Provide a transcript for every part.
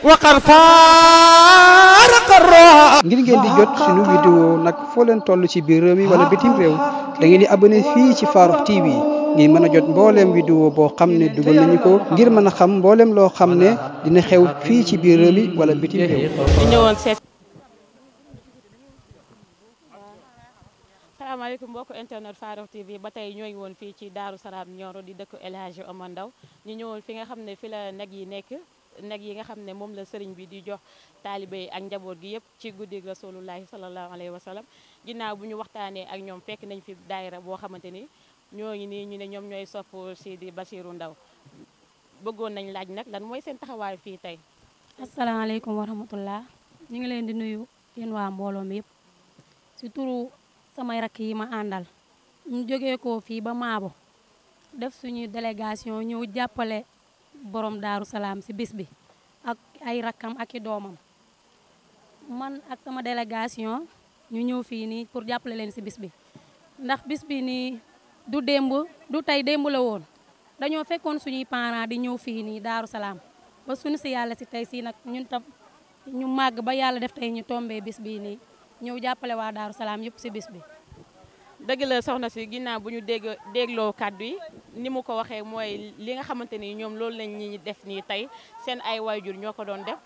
waqar faaraqarroa ngir ngeen di jot suñu vidéo nag foo leen toll ci biir réew mi wala bitim réew da ngeen di abonné fii ci Farokh TV ngir mën a jot mbooleem vidéo boo xam ne dugal nañu ko ngir mën a xam mbooleem loo xam ne dina xew fii ci biir réew mi wala bitim réew asalaamaaleykum mbokk internet Farokh TV ba tey ñoo ngi woon fii ci Daaru Salaam Nioro di dëkk El Hadji Omar Ndao ñu ñëwoon fi nga xam ne fi la nag yi nekk nag yi nga xam ne moom la sëriñ bi di jox taalibe ak njaboot gi yëpp ci guddig rasulullahi salallahu alayhi wa sallam ginnaaw bu ñu waxtaanee ak ñoom fekk nañ fi daayira boo xamante ni ngi nii ñu ne ñoom ñooy sopp Sidi Basiru Ndaw bëggoon nañ laaj nag lan mooy seen taxawaay fii tey asalaamaaleykum wa rahmatullah ñu ngi leen di nuyu yéen waa mbooloo mi yëpp si turu samay rakk yi ma àndal ñu jógee ko fii ba Maabo def suñuy délégation ñëw jàppale borom daaru salaam si bis bi ak ay rakkam ak i doomam man ak sama délégation ñu ñëw fii nii pour jàppale leen si bis bi ndax bis bi nii du démb du tey démb la woon dañoo fekkoon suñuy parents di ñëw fii nii daaru salaam ba suñu si yàlla si tey sii nag ñun tam ñu màgg ba yàlla def tey ñu tombee bis bii nii ñëw jàppale waa daaru salaam yëpp si bis bi dagg la soxna si ginnaaw bu ñu dégg dégloo kàddu yi ni mu ko waxee mooy li nga xamante ni ñoom loolu lañ ñi def nii tey seen ay waajur ñoo ko doon def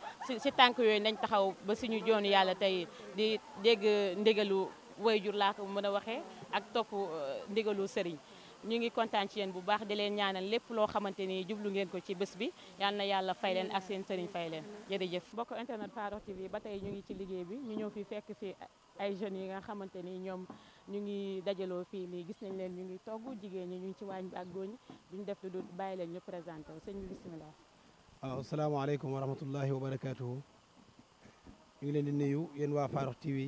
si tànk yooyu dañ taxaw ba suñu joon yàlla tey di dégg way jur laa ko mën a waxee ak topp euh, ndigalu sëriñ ñu ngi kontaan ci yéen bu baax di leen ñaanal lépp loo xamante ni jublu ngeen ko ci bés bi yal na yàlla fay leen ak seen sëriñ fay leen jërëjëf bokk internet Farokh TV ba tey ñu ngi ci liggéey bi ñu ñëw fi fekk si ay jeunes yi nga xamante ni ñoom ñu ngi dajaloo fii nii gis nañ leen ñu ngi togg jigéen ñi ñu ngi ci waañ bi ak góor ñi duñ def lu dul bàyyi leen ñu présenté wu sëñ bi bisimilah waaw asalaamaaleykum wa rahmatullahi wa barakatuhu ñu ngi leen di nuyu yéen waa Farokh TV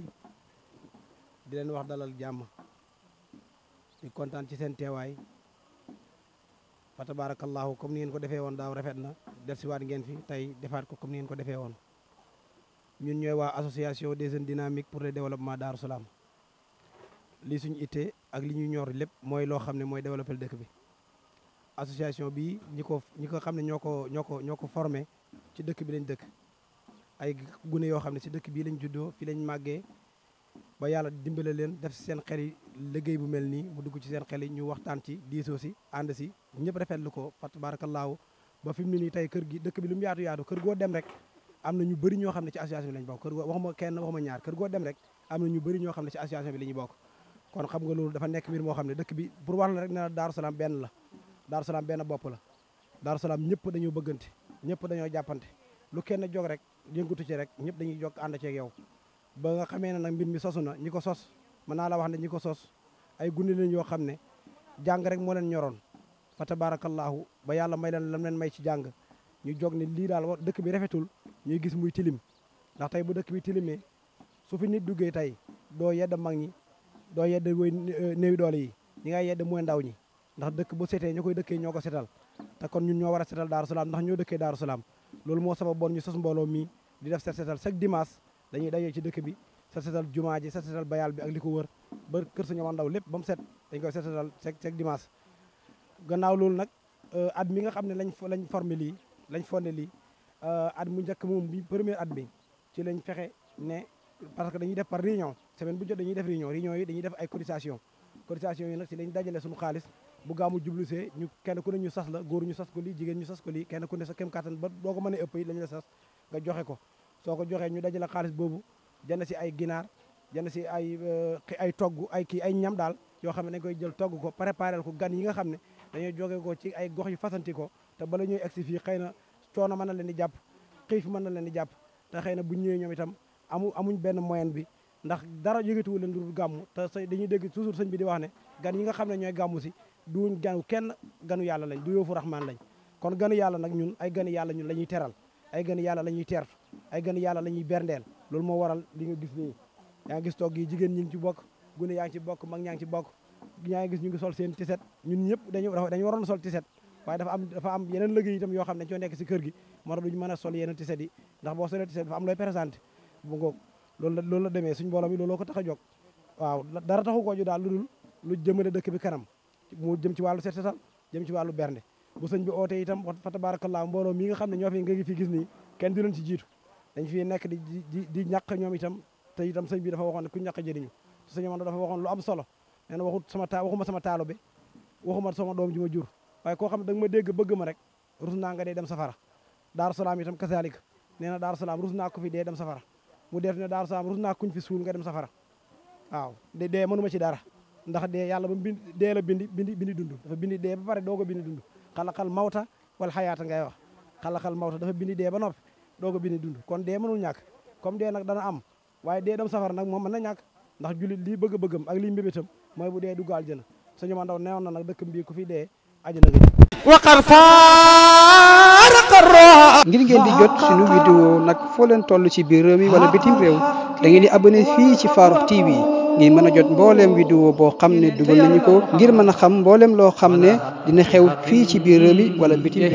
di leen wax dalal jàmm di kontaan ci seen teewaay fa tabaarakallaahu comme ni ngeen ko defee woon daaw rafet na def siwaat ngeen fi tey defaat ko comme ni ngeen ko defee woon ñun ñooy waa association des jeunes dynamiques pour le développement Darou Salam li suñu ittee ak li ñuy ñor lépp mooy loo xam ne mooy développé dëkk bi association bi ñi ko ñi ko xam ne ñoo ko ñoo ko ñoo ko formé ci dëkk bi lañ dëkk ay gune yoo xam ne si dëkk bii lañ juddoo fi lañ màggee ba yàlla dimbale leen def si seen xel yi bu mel nii mu dugg ci seen xel yi ñu waxtaan ci diisoo si ànd si ñëpp rafetlu ko fa laaw ba fi mu ne tey kër gi dëkk bi lu mu yaatu yaatu kër goo dem rek am na ñu bëri ñoo xam ne ci association bi lañ bokk kër goo kenn waxuma ñaar kër goo dem rek am na ñu bëri ñoo xam ne ci association bi la ñuy bokk kon xam nga loolu dafa nekk miir moo xam ne dëkk bi pour wax la rek ne la Daaru benn la Daaru Salaam benn bopp la Daaru Salaam ñëpp dañoo bëggante ñëpp dañoo jàppante lu kenn jog rek yëngatu ci rek ñëpp dañuy jog ànd ceeg yow ba nga xamé ne mbir mi sosuna na sos man la wax ne ñiko sos ay gune lañ yo xamné jang rek mo leen ñoroon fa tabaarakallaahu ba yalla may leen lam leen may ci jang ñu jog ne li dal dekk bi rafetul ñuy gis muy tilim ndax tay bu dekk bi tilimé su fi nit duggé tay do yedd mag ñi do yedd way euh, néewi doole yi ñi nga yedd moy ndaw ñi ndax dekk bu sété dekké ñoko sétal ta kon ñun ño wara sétal setal salam ndax ño dekké Daaru salam lool mo sabab bon ñu sos mbolo mi di def sétal chaque dimanche dañuy dajee ci dëkk bi set setal jumaa ji set setal bayal bi ak li ko wër ba kër Sëñ Omar Ndaw lépp ba mu set dañ koy set setal chaque chaque dimanche gannaaw loolu nag euh, at mi nga xam ne lañ lañ formé lii lañ fondé lii euh, at mu njëkk moom bi premier at bi ci lañ fexe ne parce que dañuy def par réunion semaine bu jot dañuy def réunion réunion yi dañuy def ay cotisation cotisation yi nag ci lañ dajale suñu xaalis bu gaamu jublusee ñu kenn ku ne ñu sas la góor ñu sas ko lii jigéen ñu sas ko lii kenn ku ne sa kem kàttan ba boo ko mënee ëpp yi lañ nga joxe ko soo ko joxee ñu dajale xaalis boobu jënd si ay ginaar jënd si ay euh, ay togg ay kii ay ñam daal yoo xam ne dañ koy jël togg ko préparé ko gan yi nga xam ne dañoo jóge ko ci ay gox yu fasanti ko te bala ñuy egsi fii xëy na coono mën na leen di jàpp xiif mën na leen di jàpp te xëy na bu ñëwee ñoom itam amu amuñ benn moyen bi ndax dara yëgatuwu leen dul gàmmu te sa dañuy dégg toujours sëñ bi di wax ne gan yi nga xam ne ñooy gàmmu si duñ ganu kenn ganu yàlla lañ du yoofu raxmaan lañ kon ganu yàlla nag ñun ay ganu yàlla ñun la ñuy teral ay ganu yàlla la ñuy teertu ay gan yàlla la ñuy berndeel loolu moo waral li nga gis nii yaa ngi gis toog yi jigéen ñi ngi ci bokk gune yaa ngi ci bokk mag ñaa ngi ci bokk ñaa ngi gis ñu ngi sol seen tiset ñun ñëpp dañu dañu waroon sol tiset waaye dafa am dafa am yeneen liggéey itam yoo xam ne dañu coo nekk si kër gi moo tax duñu mën a sol yeneen tiset yi ndax boo solee tiset dafa am looy présenté bu ngoog loolu la loolu la demee suñ mbooloo mi looloo ko tax a jóg waaw dara taxu koo daal lu dul lu jëmale dëkk bi kanam mu jëm ci wàllu set setal jëm ci wàllu bernde bu sëñ bi ootee itam fa tabaarakallaa mbooloo mi nga xam ne ñoo fi nga fi gis nii kenn di dañ fi di di di ñàkk ñoom itam te itam sëñ bi dafa waxoon ne ku ñàkk jëriñu te sëñ Maodo dafa waxoon lu am solo nee waxut sama ta waxuma sama waxuma sama doom ji ma jur waaye koo xam ne ma dégg bëgg ma rek rus nga dee dem safara daaru salaam itam kasaalika nee na daaru salaam ko fi dee dem safara mu def ne daaru salaam rus kuñ fi suul nga dem safara waaw de de mënuma ci dara ndax dee yàlla ba bind dee la bindi bindi bindi dund dafa bindi dee ba pare doog a bindi dund xalaxal mauta wala xayaata ngay wax dafa bindi ba doog a bini dund kon dee mënul ñàkk comme dee nag dana am waaye dee dem safara nag moom mën na ñàkk ndax jullit lii bëgg-bëggam ak lii mbébétam mooy bu dee dugg aljana suñu ma ndaw neewoon na nag dëkk mbii ku fi dee ajana nga waqar faaraqarra ngir ngeen di jot suñu vidéo nag foo leen toll ci biir réew mi wala bitim réew da di abonné fii ci Farokh TV ngir mën a jot mbooleem vidéo boo xam ne dugal nañu ko ngir mën a xam mbooleem loo xam ne dina xew fii ci biir réew mi wala bitim